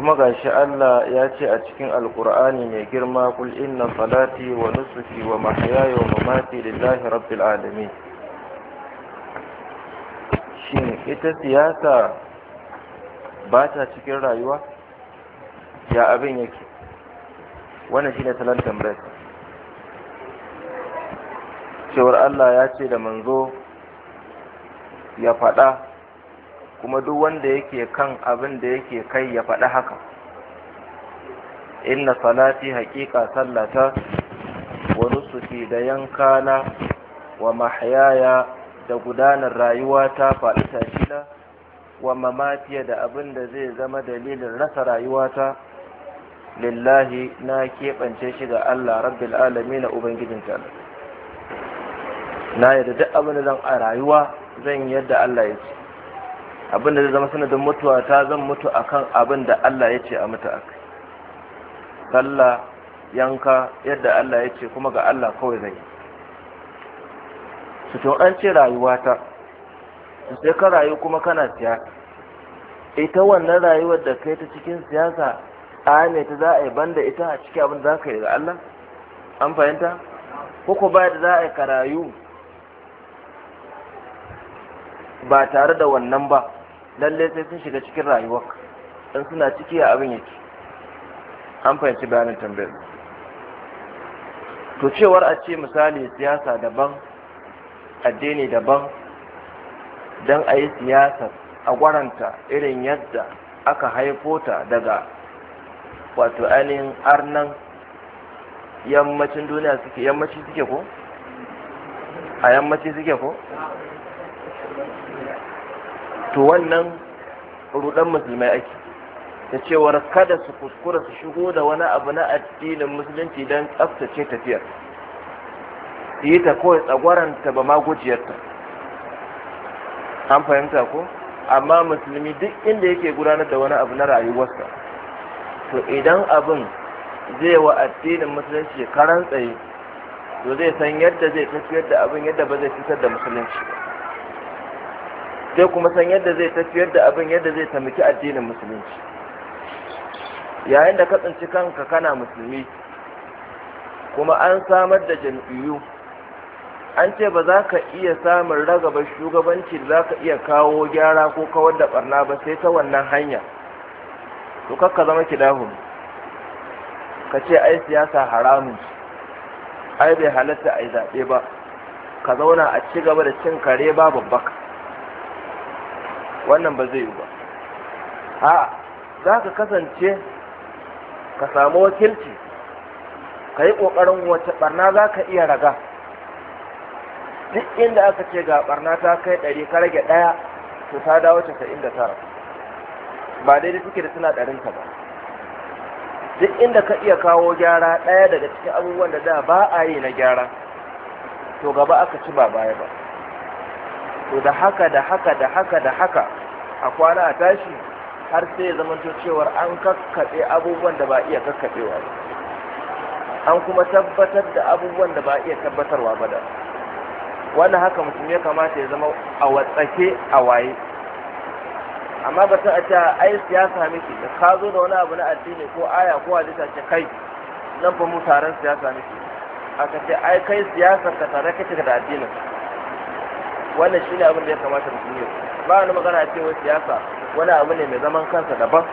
ba ce Allah ya ce a cikin alkur'ani mai girma kul inna salati wa nusuki wa mahyaya wa mamati lillahi rabbil alamin shin ita siyasa ba ta cikin rayuwa ya abin yake wannan shine salon tambayar cewar Allah ya ce da manzo ya faɗa kuma duk wanda yake kan abin da yake kai ya faɗa haka inna salati haƙiƙa sallata wa nusuki da yankana wa mahyaya da gudanar rayuwa ta faɗi tashina wa mamatiya da abin da zai zama dalilin rasa rayuwata lillahi na keɓance shi ga Allah rabbil alami na Ubangijin ta na yadda duk abin da zan a rayuwa zan yadda Allah ya ce abin da zai zama sanadin mutuwa ta zan mutu akan abin da Allah ya ce a mutu a kai sallah yanka yadda Allah ya ce kuma ga Allah kawai zai su to an ce rayuwa ta sai ka rayu kuma kana siyasa ita wannan rayuwar da kai ta cikin siyasa ne ta za a yi banda ita a ciki abin za ka yi ga Allah an fahimta koko ba da za a yi karayu ba tare da wannan ba lalle sai sun shiga cikin rayuwar in suna ciki a abin yake an fahimci bayanin tambayar to cewar a ce misali siyasa daban addini daban don a yi siyasar a gwaranta irin yadda aka haifo ta daga wato ainihin arnan yammacin duniya suke yammaci suke ko a yammaci suke ko to wannan rudan musulmai ake ta cewar kada su kuskura su shigo da wani abu na addinin musulunci don tsaftace tafiyar yi ta kawai tsagwaranta ba ma an fahimta ko amma musulmi duk inda yake gudanar da wani abu na rayuwarsa to idan abin zai wa addinin musulunci karan tsaye to zai san yadda zai tafiyar da abin yadda ba zai cutar da musulunci zai kuma san yadda zai tafiyar da abin yadda zai tamaki addinin musulunci yayin da ka tsinci kanka kana musulmi kuma an samar da jam'iyyu an ce ba za ka iya samun ragabar shugabanci da za ka iya kawo gyara ko kawar da barna ba sai ta wannan hanya to kakka zama kidahun ka ce ai siyasa haramun ai bai halatta ai zaɓe ba ka zauna a ci gaba da cin kare ba babba wannan ba zai yi ba a za ka kasance ka samu wakilci ka yi ƙoƙarin wace ɓarna za ka iya raga duk inda aka ce ga ɓarna ta kai ɗari ka rage ɗaya to ta dawo inda ta tara ba daidai suke da suna ɗarinka ba duk inda ka iya kawo gyara ɗaya daga cikin abubuwan da da ba a yi na gyara to gaba aka ci ba baya ba to da haka da haka da haka da haka a kwana a tashi har sai ya zamanto cewar an kakkaɓe abubuwan da ba iya kakkaɓewa ba an kuma tabbatar da abubuwan da ba iya tabbatarwa ba da wannan haka mutum ya kamata ya zama a watsake a waye amma ba ta ce ai siyasa miki da ka zo da wani abu na addini ko aya ko hadisa ce kai nan ba mu taron siyasa miki aka ce ai kai siyasar ka tare kake da addini wannan shine abin da ya kamata mu yi ba wani magana ce wai siyasa wani abu ne mai zaman kansa daban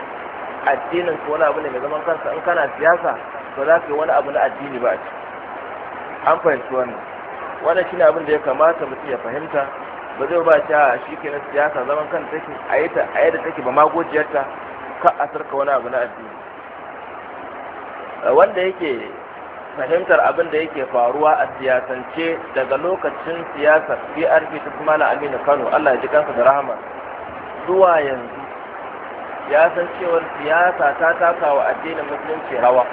addinin ko wani abu ne mai zaman kansa in kana siyasa to za ka yi wani abu na addini ba a an fahimci wannan wannan shine abin da ya kamata mutum ya fahimta ba zai ba ta shi ke na siyasa zaman kan take ayyata ayyata take ba magojiyarta ka a sarka wani abu na addini wanda yake fahimtar abin da yake faruwa a siyasance daga lokacin siyasar PRP ta kuma na Aminu Kano Allah ya ji kansa da rahama zuwa yanzu ya san cewar siyasa ta taka wa addinin musulunci rawa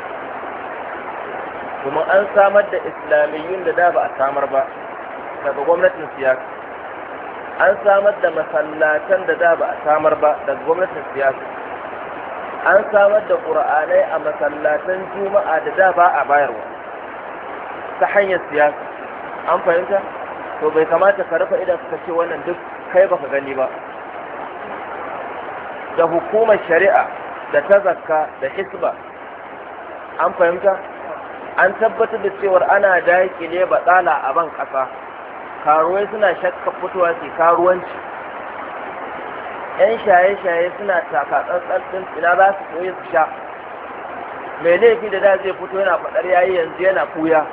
kuma an samar da islamiyyun da da ba a samar ba daga gwamnatin siyasa an samar da masallatan da da ba a samar ba daga gwamnatin siyasa an samar da ƙura'anai a masallatan juma'a da da ba a bayarwa ta hanyar siyasa an fahimta to bai kamata ka rufe idan ka ce wannan duk kai baka gani ba da hukumar shari'a da ta zakka da hisba an fahimta an tabbatar da cewar ana daƙile batsala a ban ƙasa karuwai suna shakka fitowa ke karuwanci yan shaye-shaye suna takatsantsan ina za su koyi su sha mai laifi da da zai fito yana faɗar yayi yanzu yana kuya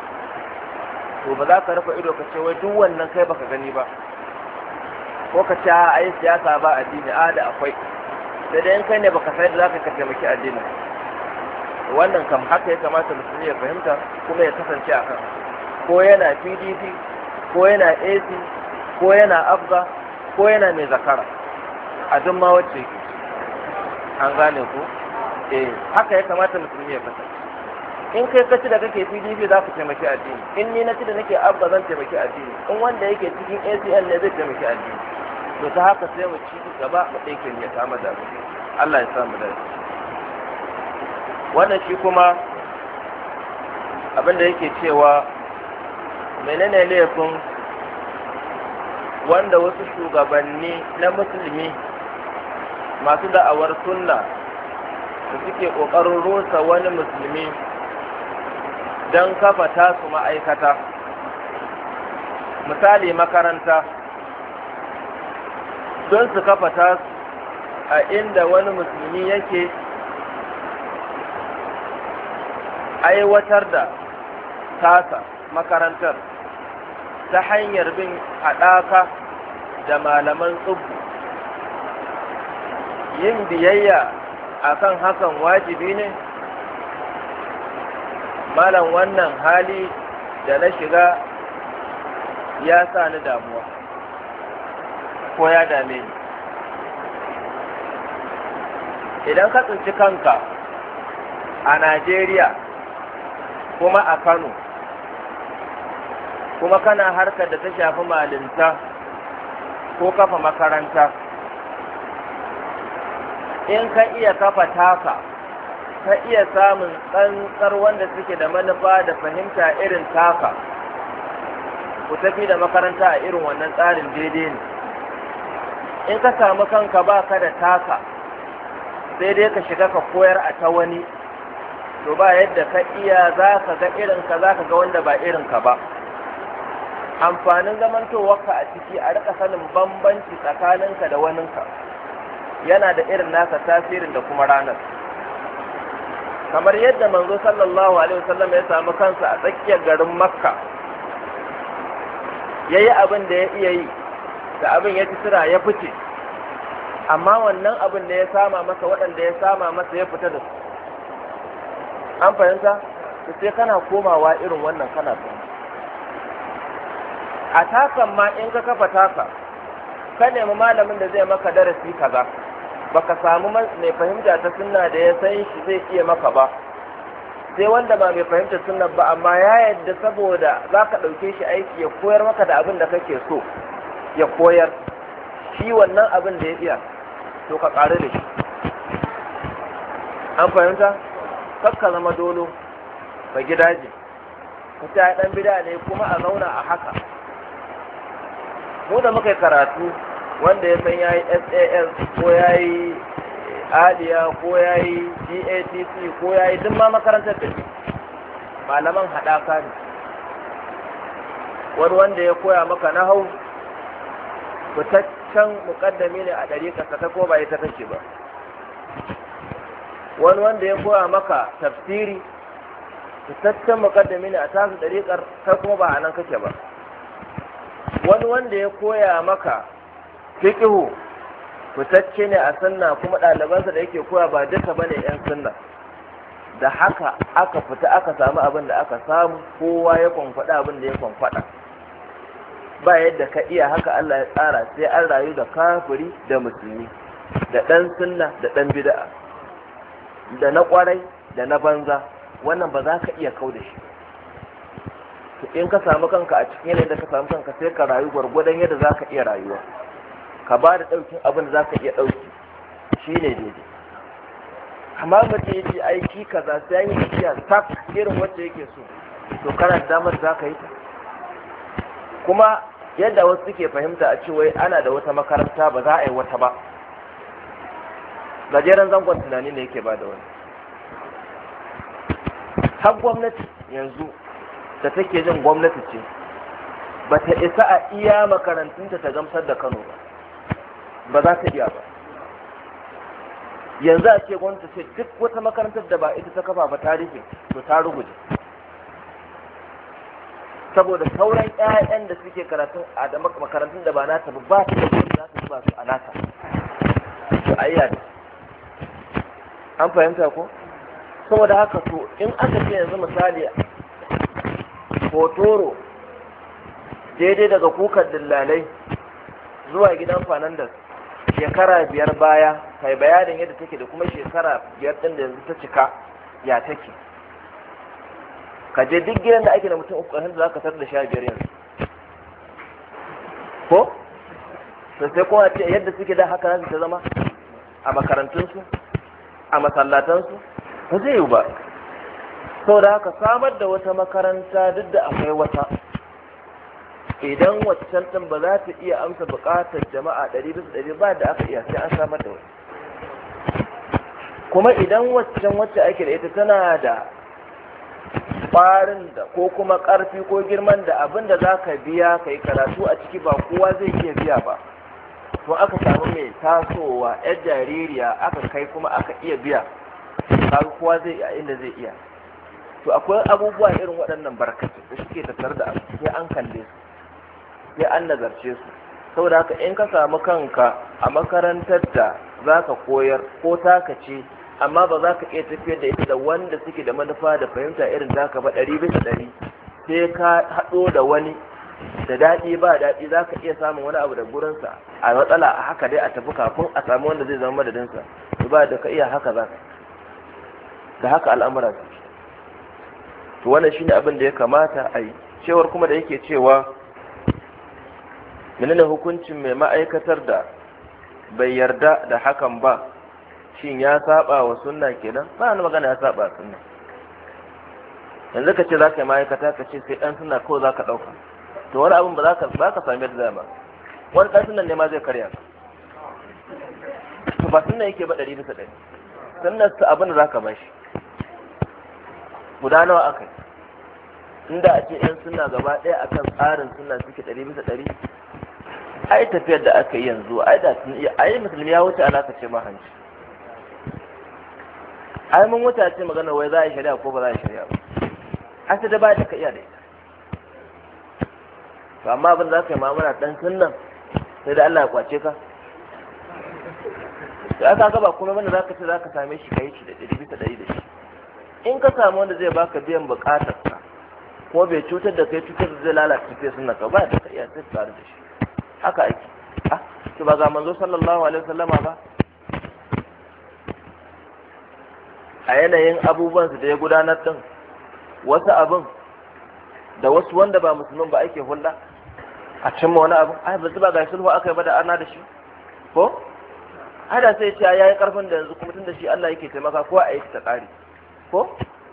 to ba za ka rufe ido ka ce wai duk wannan kai baka gani ba ko ka ce a yi siyasa ba addini a da akwai sai dai in kai ne baka san da za ka taimaki addini. wannan kam haka ya kamata musulmi ya fahimta kuma ya kasance a ko yana pdp ko yana ac ko yana afga ko yana mai zakara a duk ma wacce an gane ko eh haka ya kamata musulmi ya kasance in kai kaci da kake pdp za ka taimaki addini in ni na ci da nake abba zan taimaki addini in wanda yake cikin acl ne zai taimaki addini to ta haka sai mu ci gaba mu ɗauke ya kama allah ya samu da wannan shi kuma abin da yake cewa menene laifin wanda wasu shugabanni na musulmi masu da'awar sunna da suke ƙoƙarin rusa wani musulmi don kafa tasu ma'aikata misali makaranta don su kafa tasu a inda wani musulmi yake aiwatar da tasa makarantar ta hanyar bin haɗaka da malaman tsubu. yin biyayya a kan hakan wajibi ne malam wannan hali da na shiga ya sa ni damuwa ko ya dame ni idan ka tsinci kanka a najeriya kuma a kano kuma kana harkar da ta shafi malinta ko kafa makaranta in ka iya kafa taka ka iya samun tsantsar wanda suke da manufa da fahimta irin taka ku tafi da makaranta a irin wannan tsarin daidai ne in ka samu kanka ba ka da taka sai dai ka shiga ka koyar a ta wani to ba yadda ka iya za ka ga irinka za ka ga wanda ba irinka ba amfanin zamantowarka a ciki a rika sanin bambanci tsakaninka da waninka yana da irin nasa tasirin da kuma ranar kamar yadda manzo sallallahu alaihi wasallam ya samu kansa a tsakiyar garin makka ya yi abin da ya iya yi da abin ya ci sira ya fice amma wannan abin da ya sama masa waɗanda ya sama masa ya fita da su an fahimta sai kana komawa irin wannan kana son a takan ma in ka kafa taka ka nemi malamin da zai maka darasi kaza baka samu mai fahimta ta sunna da ya san shi zai iya maka ba sai wanda ba mai fahimta sunna ba amma ya yadda saboda za ka ɗauke shi aiki ya koyar maka da abin da kake so ya koyar shi wannan abin da ya iya to ka ƙari da shi an fahimta kakka zama dolo ba gidaje ka ta ɗan bida ne kuma a zauna a haka mu da muka karatu wanda ya san yayi SAS ko yayi Aliya ko yayi datc ko yayi duk ma makarantar da ke malaman haɗaka ne wani wanda ya koya maka na hau fitaccen mukaddami ne a ka ta ko ba ita take ba wani wanda ya koya maka tafsiri fitaccen mukaddami ne a tasu dariƙar ta kuma ba a nan kake ba wani wanda ya koya maka fiƙihu fitacce ne a sunna kuma ɗalibansa da yake koya ba duka bane yan sunna da haka aka fita aka samu abin da aka samu kowa ya kwamfada abin da ya kwamfada ba yadda ka iya haka Allah ya tsara sai an rayu da kafiri da musulmi da ɗan sunna da ɗan bida'a da na ƙwarai da na banza wannan ba za ka iya kau da shi in ka samu kanka a cikin yanayin da ka samu kanka sai ka rayu gwargwadon yadda za ka iya rayuwa ka ba da ɗaukin abin da za ka iya ɗauki shi ne daidai amma mace ya ce aiki kaza sai an yi tafiya tak irin wacce yake so to kana da damar za ka yi ta kuma yadda wasu suke fahimta a cewa ana da wata makaranta ba za a yi wata ba gajeren zangon tunani ne yake ba da wani har gwamnati yanzu da take jin gwamnati ce ba ta isa a iya makarantunta ta gamsar da kano ba ba za ta iya ba yanzu a ce gwamnati ce duk wata makarantar da ba ita ta kafa ba tarihi to ta ruguje saboda sauran ƴaƴan da suke karatun a da makarantun da ba nata ba ta da za ta zuba su a nata to iya an fahimta ko saboda haka to in aka ce yanzu misali hotoro daidai daga kukan dillalai zuwa gidan fanandas shekara biyar baya kai bayanin yadda take da kuma shekara biyar ɗin da yanzu ta cika ya take ka je duk gidan da ake da mutum uku ƙarshen da za ka tar da sha biyar yanzu ko sai kuma ce yadda suke da haka nasu ta zama a makarantunsu a masallatansu ba zai yiwu ba da haka samar da wata makaranta duk da akwai wata idan waccan ɗin ba za ta iya amsa buƙatar jama'a ɗari bisa ɗari ba da aka iya sai an samar da wata kuma idan waccan wacce ake da ita tana da ƙwarin da ko kuma ƙarfi ko girman da abin da za ka biya ka yi karatu a ciki ba kowa zai iya biya ba to aka samu mai tasowa 'yar jaririya aka kai kuma aka iya biya kaga kowa zai iya inda zai iya to akwai abubuwa irin waɗannan barkatu da suke tattare da abu sai an kalle su sai an nazarce su saboda haka in ka samu kanka a makarantar da za ka koyar ko taka ce amma ba za ka iya tafiyar da ita da wanda suke da manufa da fahimta irin ka ba ɗari bisa ɗari sai ka haɗo da wani da daɗi ba daɗi za ka iya samun wani abu da gurinsa a matsala a haka dai a tafi kafin a samu wanda zai zama madadinsa ba da ka iya haka za ka da haka al'amuran to wannan shine abin da ya kamata a yi cewar kuma da yake cewa menene hukuncin mai ma'aikatar da bai yarda da hakan ba shin ya saba wa sunna kenan ba ni magana ya saba sunna yanzu ka ce za ka yi ma'aikata ka ce sai ɗan suna kawai za ka ɗauka to wani abin ba za ka ba ka sami yadda ba wani ɗan sunan ne ma zai karya ka to ba sunna yake ba ɗari bisa ɗari sunnar su abin da za ka bashi guda nawa aka yi inda a ce yan suna gaba ɗaya akan tsarin suna suke ɗari bisa ɗari ai tafiyar da aka yi yanzu ai da tun iya ai musulmi ya wuce alaka ce hanci. ai mun wuce a ce magana wai za a yi shari'a ko ba za a yi shari'a ba ai da ba da ka iya da ita to amma abin za ka yi ma'amala ɗan sunnan sai da Allah ya kwace ka da aka gaba kuma wanda za ka ce za ka same shi ka yi shi da ɗari bisa ɗari da shi in ka samu wanda zai baka biyan bukatar ka ko bai cutar da kai cutar da zai lalata tafiya sunna ka ba da kai ya ta tsare da shi haka ake ah to ba ga manzo sallallahu alaihi wasallama ba a yanayin abubuwan su da ya gudanar din wasu abin da wasu wanda ba musulmin ba ake hulɗa a cimma wani A ai ba zuba ga sulhu akai yi ba da ana da shi ko hada sai ce ya yi karfin da yanzu kuma tun da shi Allah yake taimaka ko a yi ta kare ko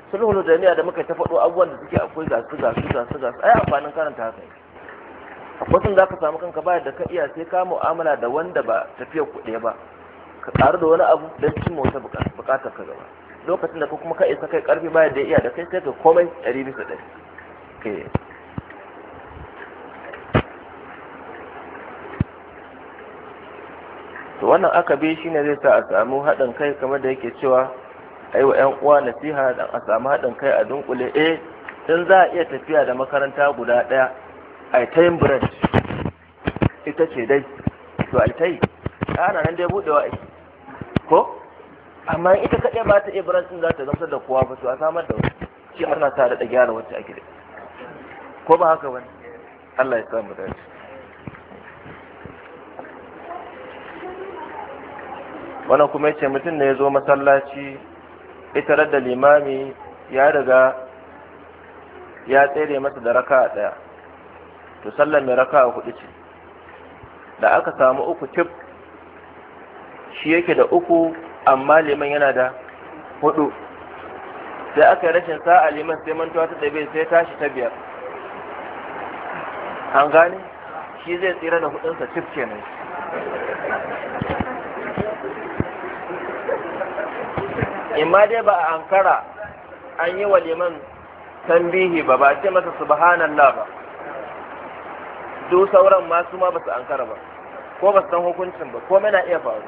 sulhul jami'a da muka ta faɗo abubuwan da suke akwai gasu gasu gasu gasu ai amfanin karanta haka ne akwai za ka samu kanka ba da ka iya sai ka mu'amala da wanda ba tafiya kuɗe ba ka ƙaru da wani abu don cin mota buƙatar ka gaba lokacin da ka kuma ka isa kai ƙarfi ba da iya da kai sai ka komai ɗari bisa ɗari to wannan aka bi shine zai sa a samu haɗin kai kamar da yake cewa Aiwa ƴan 'yan uwa nasiha dan a samu haɗin kai a dunkule eh tun za a iya tafiya da makaranta guda ɗaya a tayin yin branch ita ce dai to a ta yi ana nan dai buɗewa ai ko amma ita kaɗai ba ta iya branch za ta gamsar da kowa ba to a samar da wani shi ana sa da gyara wacce ake da ko ba haka ba Allah ya mu dace wannan kuma yace mutum ne ya zo masallaci itarar da limami ya riga ya tsere masa da raka ɗaya to sallar mai raka hudu ce da aka samu uku tip shi yake da uku amma liman yana da hudu sai aka yi rashin sa'a liman sai mantuwa ta ɗabe sai tashi ta biyar an gane shi zai tsira da hudunsa tip kenan imma dai ba a ankara an yi wa liman tambihi ba ba ce masa subhanallah ba duk sauran ma su ma ba su ankara ba ko ba su san hukuncin ba ko na iya faru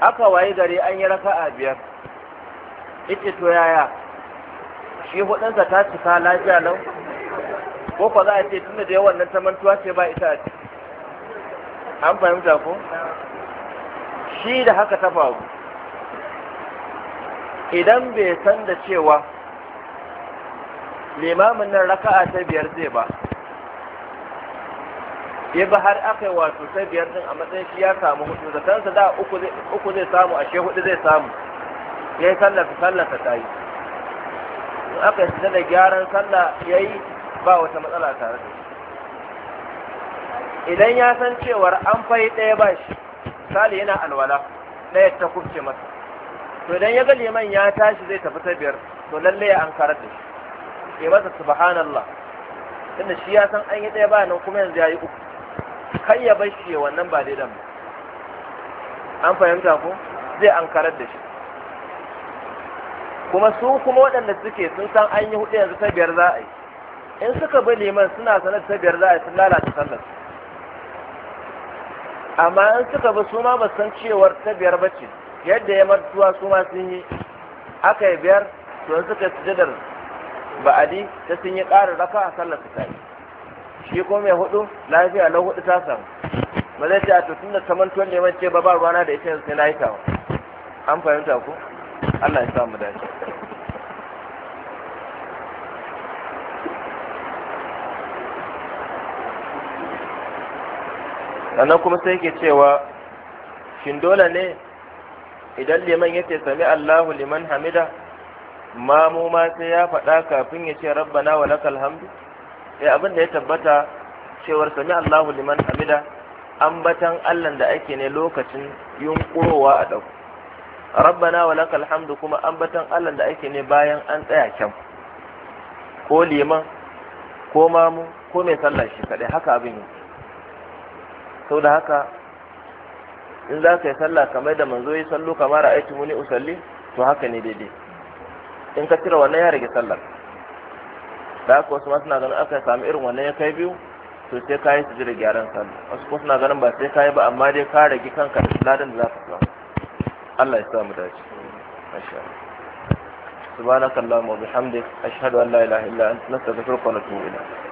aka wayi gari an yi raka'a biyar ita to yaya shi hudunsa ta cika lafiya lau ko ko za a ce tunda da yawan nan ta mantuwa ce ba ita an fahimta ko shi da haka ta faru idan bai san da cewa limamin nan raka'a ta biyar zai ba ya ba har aka yi wato ta biyar din a matsayin shi ya samu hudu kansa da uku zai samu ashe hudu zai samu ya yi sallata sallata ta yi in aka yi da gyaran salla ya yi ba wata matsala tare da idan ya san cewar an fai ɗaya ba shi sali yana alwala ɗaya ta kufce masa to idan ya ga liman ya tashi zai tafi ta biyar to lalle ya ankarar da shi ya masa subhanallah tunda shi ya san an yi ɗaya bayanan kuma yanzu ya yi uku kai ya bar shi wannan ba daidan ba an fahimta ko zai ankarar da shi kuma su kuma waɗanda suke sun san an yi hudu yanzu ta biyar za a yi in suka bi liman suna sanar ta biyar za a yi sun lalata sallar amma in suka bi su ma ba san cewar ta biyar ba ce yadda ya martuwa su ma sun yi aka yi biyar to in suka sujadar ba'adi ta sun yi ƙara raka a sallar su ta shi ko mai hudu lafiya na hudu ta samu ba zai ce a tutun da samantuwan neman ba ba ruwana da ita yanzu sai na yi tawa an fahimta ku allah ya mu dace sannan kuma sai ke cewa shin dole ne idan liman yace sami Allahu liman hamida mamu ma sai ya faɗa kafin ya ce rabbana wa lakal hamdu sai eh, abin da ya tabbata cewar sami Allahu liman hamida ambatan Allah da ake ne lokacin yunkurowa a ɗauku rabbana wa lakal hamdu kuma ambatan Allah da ake ne bayan an tsaya kyan ko liman ko mamu ko mai sallah shi kaɗai haka abin yake sau da haka in za ka yi sallah kamar da manzo ya sallu kamar ra'aytu muni usalli to haka ne daidai in ka cire wannan ya rage sallar da haka wasu masu na ganin aka sami irin wannan ya kai biyu to sai ka yi jira gyaran sallar wasu kuma suna ganin ba sai ka yi ba amma dai ka rage kanka da ladan da za ka samu Allah ya samu mu dace masha wa bihamdik ashhadu an la ilaha illa anta إلا wa نستغفرك ونتوب